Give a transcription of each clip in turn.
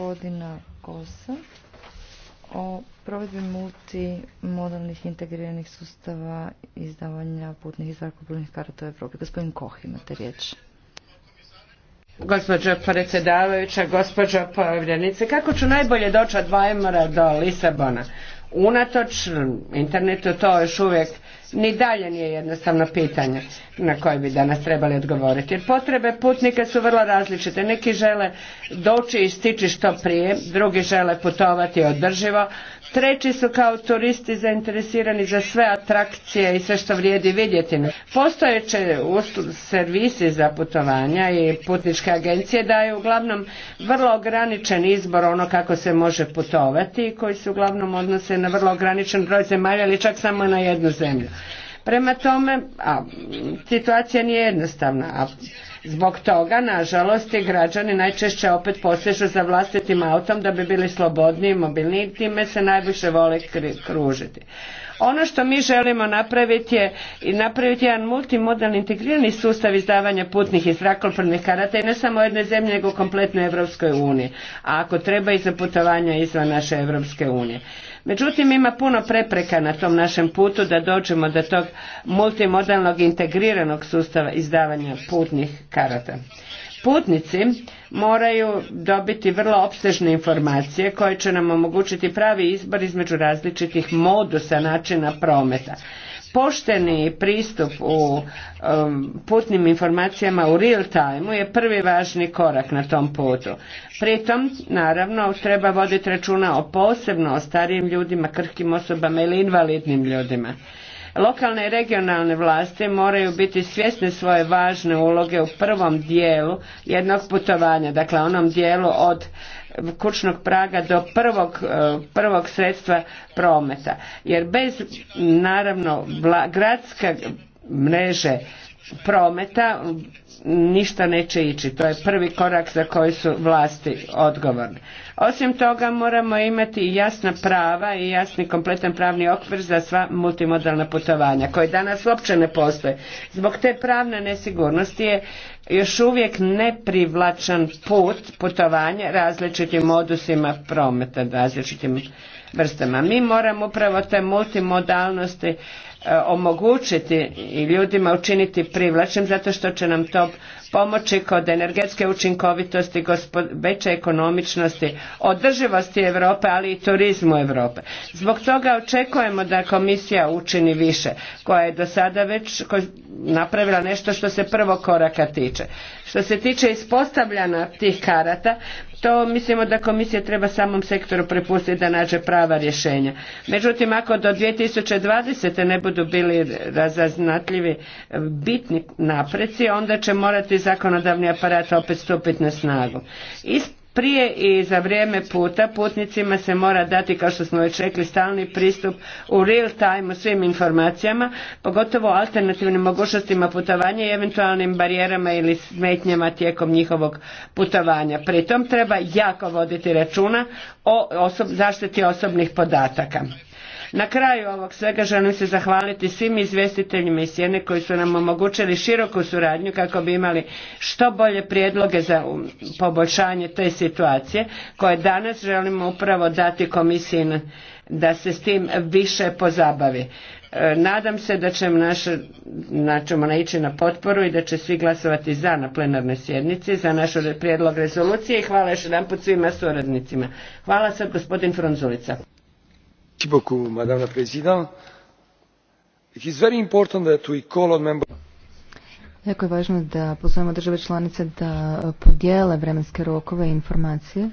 gospodina Kosa o provedbi multimodalnih integriranih sustava izdavanja putnih i zrakoplovnih karata u Europi. Gospodin Koh imate riječ. Gospođo predsjedavajuća, gospođo povjerenice, kako ću najbolje doći od Weimara do Lisabona? Unatoč internetu to još uvijek ni dalje nije jednostavno pitanje na koje bi danas trebali odgovoriti. Jer potrebe putnika su vrlo različite. Neki žele doći i stići što prije, drugi žele putovati održivo, Treći su kao turisti zainteresirani za sve atrakcije i sve što vrijedi vidjeti. Postojeće servisi za putovanja i putničke agencije daju uglavnom vrlo ograničen izbor ono kako se može putovati i koji se uglavnom odnose na vrlo ograničen broj zemalja ili čak samo na jednu zemlju. Prema tome, a, situacija nije jednostavna. A Zbog toga, nažalost, i građani najčešće opet posežu za vlastitim autom da bi bili slobodniji, mobilniji, time se najviše vole kružiti. Ono što mi želimo napraviti je i napraviti jedan multimodalni integrirani sustav izdavanja putnih i zrakoplovnih karata i ne samo jedne zemlje nego kompletno Europskoj uniji, a ako treba i za putovanja izvan naše Europske unije. Međutim, ima puno prepreka na tom našem putu da dođemo do tog multimodalnog integriranog sustava izdavanja putnih karata. Putnici moraju dobiti vrlo opsežne informacije koje će nam omogućiti pravi izbor između različitih modusa načina prometa. Pošteni pristup u um, putnim informacijama u real time je prvi važni korak na tom putu. Pritom, naravno, treba voditi računa o posebno o starijim ljudima, krhkim osobama ili invalidnim ljudima. Lokalne i regionalne vlasti moraju biti svjesne svoje važne uloge u prvom dijelu jednog putovanja, dakle onom dijelu od kućnog praga do prvog, e, prvog sredstva prometa. Jer bez naravno gradske mreže prometa ništa neće ići. To je prvi korak za koji su vlasti odgovorni. Osim toga moramo imati jasna prava i jasni kompletan pravni okvir za sva multimodalna putovanja koji danas uopće ne postoje. Zbog te pravne nesigurnosti je još uvijek neprivlačan put putovanja različitim modusima prometa, različitim vrstama. Mi moramo upravo te multimodalnosti E, omogućiti i ljudima učiniti privlačnim zato što će nam to pomoći kod energetske učinkovitosti, veće ekonomičnosti, održivosti Europe, ali i turizmu Europe. Zbog toga očekujemo da komisija učini više, koja je do sada već napravila nešto što se prvo koraka tiče. Što se tiče ispostavljanja tih karata, to mislimo da komisija treba samom sektoru prepustiti da nađe prava rješenja. Međutim, ako do 2020. ne budu bili razaznatljivi bitni napreci, onda će morati zakonodavni aparat opet stupiti na snagu. Isto prije i za vrijeme puta putnicima se mora dati kao što smo već rekli stalni pristup u real time u svim informacijama pogotovo alternativnim mogućnostima putovanja i eventualnim barijerama ili smetnjama tijekom njihovog putovanja. Pritom treba jako voditi računa o zaštiti osobnih podataka. Na kraju ovog svega želim se zahvaliti svim izvjestiteljima i Sjene koji su nam omogućili široku suradnju kako bi imali što bolje prijedloge za poboljšanje te situacije koje danas želimo upravo dati komisiji da se s tim više pozabavi. E, nadam se da ćemo, naš, naići na potporu i da će svi glasovati za na plenarnoj sjednici za naš prijedlog rezolucije i hvala još jedan put svima suradnicima. Hvala sad gospodin Frunzulica. Hvala, It important Jako je važno da pozovemo države članice da e, podijele vremenske rokove i informacije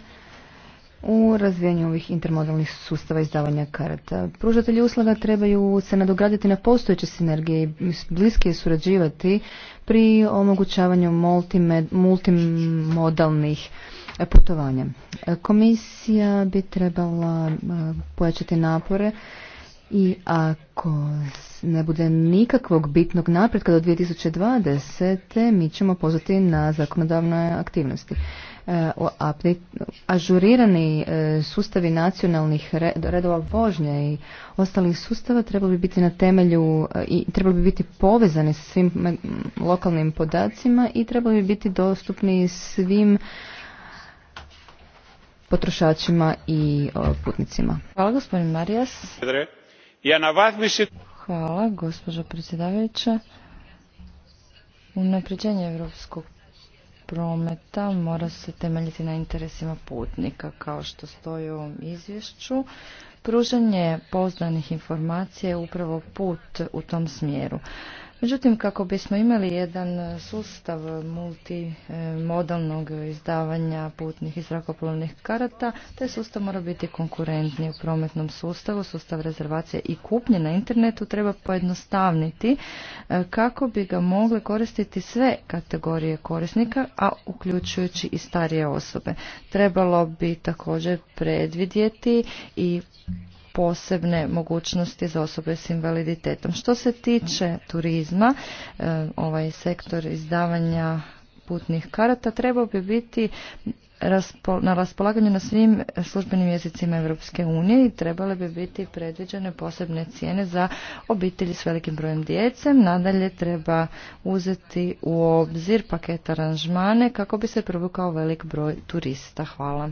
u razvijanju ovih intermodalnih sustava izdavanja karata. Pružatelji usluga trebaju se nadograditi na postojeće sinergije i bliskije surađivati pri omogućavanju multimodalnih e, putovanja. E, komisija bi trebala pojačati napore i ako ne bude nikakvog bitnog napretka do 2020. mi ćemo pozvati na zakonodavne aktivnosti. E, ažurirani e, sustavi nacionalnih redova vožnje i ostalih sustava trebali bi biti na temelju e, i trebali bi biti povezani sa svim lokalnim podacima i trebali bi biti dostupni svim potrošačima i putnicima. Hvala gospodin Marijas. Hvala, gospođo predsjedavajuća. Unapređenje evropskog prometa mora se temeljiti na interesima putnika, kao što stoji u ovom izvješću. Pružanje poznanih informacija je upravo put u tom smjeru. Međutim, kako bismo imali jedan e, sustav multimodalnog izdavanja putnih i zrakoplovnih karata, taj sustav mora biti konkurentni u prometnom sustavu. Sustav rezervacije i kupnje na internetu treba pojednostavniti e, kako bi ga mogle koristiti sve kategorije korisnika, a uključujući i starije osobe. Trebalo bi također predvidjeti i posebne mogućnosti za osobe s invaliditetom. Što se tiče turizma, e, ovaj sektor izdavanja putnih karata trebao bi biti na raspolaganju na svim službenim jezicima Europske unije i trebale bi biti predviđene posebne cijene za obitelji s velikim brojem djece. Nadalje treba uzeti u obzir paket aranžmane kako bi se provukao velik broj turista. Hvala.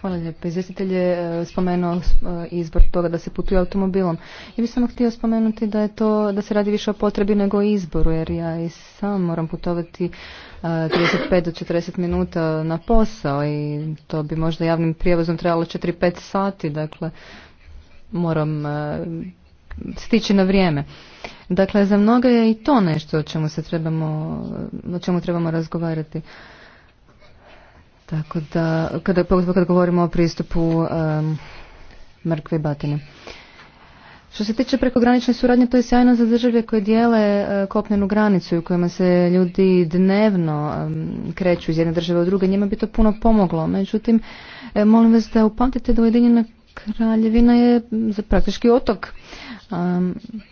Hvala lijepo. Izvjestitelj je e, spomenuo e, izbor toga da se putuje automobilom. Ja bih samo htio spomenuti da je to, da se radi više o potrebi nego o izboru, jer ja i sam moram putovati 35 e, do 40 minuta na posao i to bi možda javnim prijevozom trebalo 4-5 sati, dakle moram stići na vrijeme. Dakle, za mnoga je i to nešto o čemu se trebamo, o čemu trebamo razgovarati. Tako da, kada, pogotovo pa kada govorimo o pristupu um, mrkve batine. Što se tiče prekogranične suradnje, to je sjajno za države koje dijele e, kopnenu granicu i u kojima se ljudi dnevno kreću iz jedne države u druge. Njima bi to puno pomoglo. Međutim, e, molim vas da upamtite da Ujedinjena Kraljevina je za praktički otok.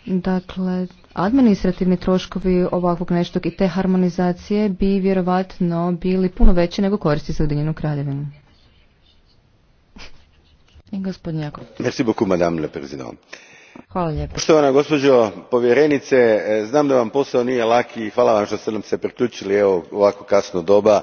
Dakle, administrativni troškovi ovakvog neštog i te harmonizacije bi vjerovatno bili puno veći nego koristi za Ujedinjenu Kraljevinu. I gospodin Jakov. Merci beaucoup, madame la Hvala lijepo. Poštovana gospođo povjerenice, e, znam da vam posao nije laki i hvala vam što ste nam se priključili evo, ovako kasno doba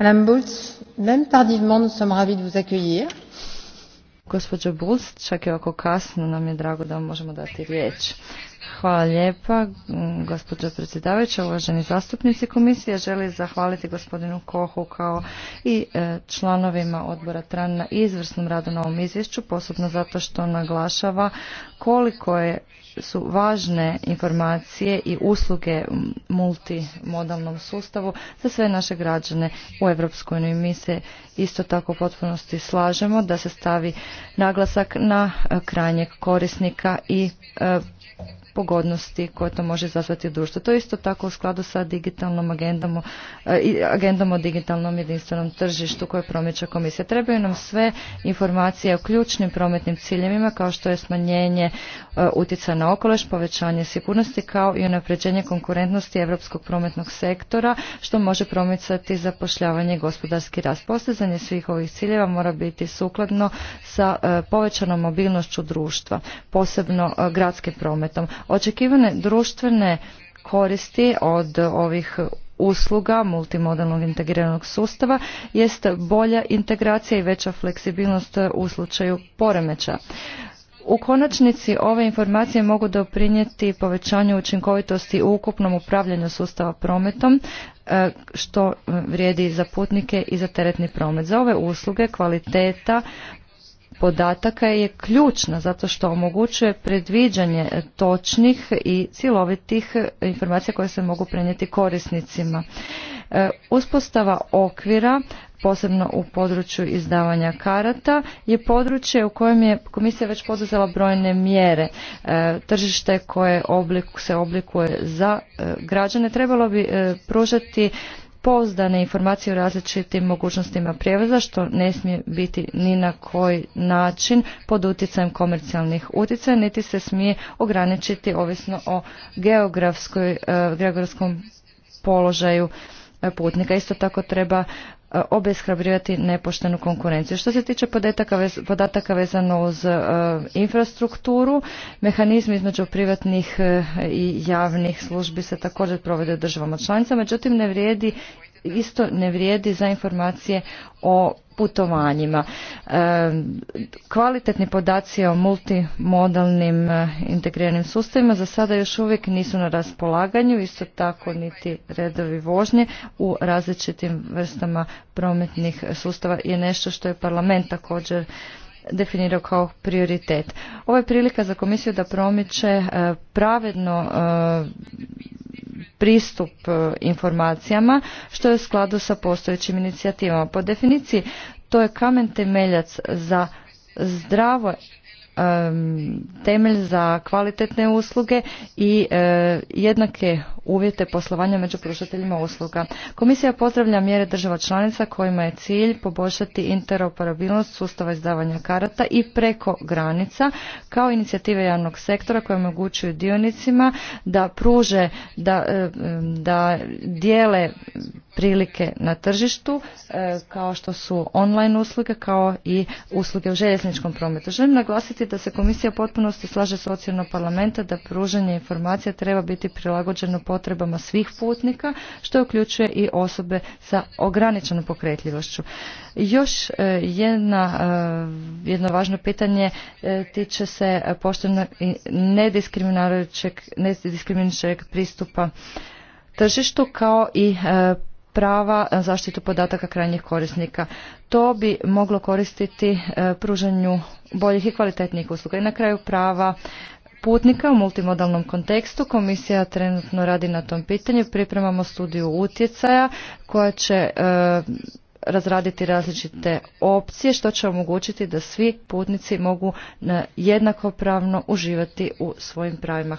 Madame Bulc, même tardivement, nous sommes ravis de vous accueillir. Gospođo Bulc, čak i ako kasno nam je drago da vam možemo dati riječ. Hvala lijepa, gospođo predsjedavajuća, uvaženi zastupnici komisije. Želi zahvaliti gospodinu Kohu kao i e, članovima odbora TRAN na izvrsnom radu na ovom izvješću, posebno zato što naglašava koliko je, su važne informacije i usluge multimodalnom sustavu za sve naše građane u Europskoj uniji. Mi se isto tako u potpunosti slažemo da se stavi naglasak na krajnjeg korisnika i e, pogodnosti koje to može zazvati u društvu. To je isto tako u skladu sa digitalnom agendom, e, agendom o digitalnom jedinstvenom tržištu koje promiče komisija. Trebaju nam sve informacije o ključnim prometnim ciljevima kao što je smanjenje E, utjecaja na okoliš, povećanje sigurnosti kao i unapređenje konkurentnosti europskog prometnog sektora što može promicati zapošljavanje i gospodarski rast. Postizanje svih ovih ciljeva mora biti sukladno sa e, povećanom mobilnošću društva, posebno e, gradskim prometom. Očekivane društvene koristi od ovih usluga multimodalnog integriranog sustava jest bolja integracija i veća fleksibilnost u slučaju poremeća. U konačnici ove informacije mogu doprinijeti povećanju učinkovitosti u ukupnom upravljanju sustava prometom, e, što e, vrijedi za putnike i za teretni promet. Za ove usluge kvaliteta podataka je ključna zato što omogućuje predviđanje točnih i cilovitih informacija koje se mogu prenijeti korisnicima. E, uspostava okvira posebno u području izdavanja karata, je područje u kojem je komisija već poduzela brojne mjere. E, tržište koje oblik, se oblikuje za e, građane trebalo bi e, pružati pouzdane informacije o različitim mogućnostima prijevoza, što ne smije biti ni na koji način pod utjecajem komercijalnih utjecaja, niti se smije ograničiti ovisno o geografskoj, geografskom položaju putnika. Isto tako treba e, obeshrabrivati nepoštenu konkurenciju. Što se tiče podataka vezano uz e, infrastrukturu, mehanizmi između privatnih e, i javnih službi se također provode u državama članica, međutim ne vrijedi, isto ne vrijedi za informacije o putovanjima. E, kvalitetni podaci o multimodalnim e, integriranim sustavima za sada još uvijek nisu na raspolaganju, isto tako niti redovi vožnje u različitim vrstama prometnih sustava je nešto što je parlament također definirao kao prioritet. Ovo je prilika za komisiju da promiče e, pravedno pristup e, informacijama što je u skladu sa postojećim inicijativama. Po definiciji to je kamen temeljac za zdravo temelj za kvalitetne usluge i e, jednake uvjete poslovanja među pružateljima usluga. Komisija pozdravlja mjere država članica kojima je cilj poboljšati interoperabilnost sustava izdavanja karata i preko granica kao inicijative javnog sektora koje omogućuju dionicima da pruže, da, e, da dijele prilike na tržištu e, kao što su online usluge kao i usluge u željezničkom prometu. Želim naglasiti da se komisija potpunosti slaže s ocjenom parlamenta da pružanje informacija treba biti prilagođeno potrebama svih putnika, što uključuje i osobe sa ograničenom pokretljivošću. Još e, jedna, e, jedno važno pitanje e, tiče se pošteno i nediskriminirajućeg pristupa tržištu kao i prava, e, zaštitu podataka krajnjih korisnika. To bi moglo koristiti e, pružanju boljih i kvalitetnijih usluga. I na kraju prava putnika u multimodalnom kontekstu. Komisija trenutno radi na tom pitanju. Pripremamo studiju utjecaja koja će e, razraditi različite opcije što će omogućiti da svi putnici mogu jednakopravno uživati u svojim pravima.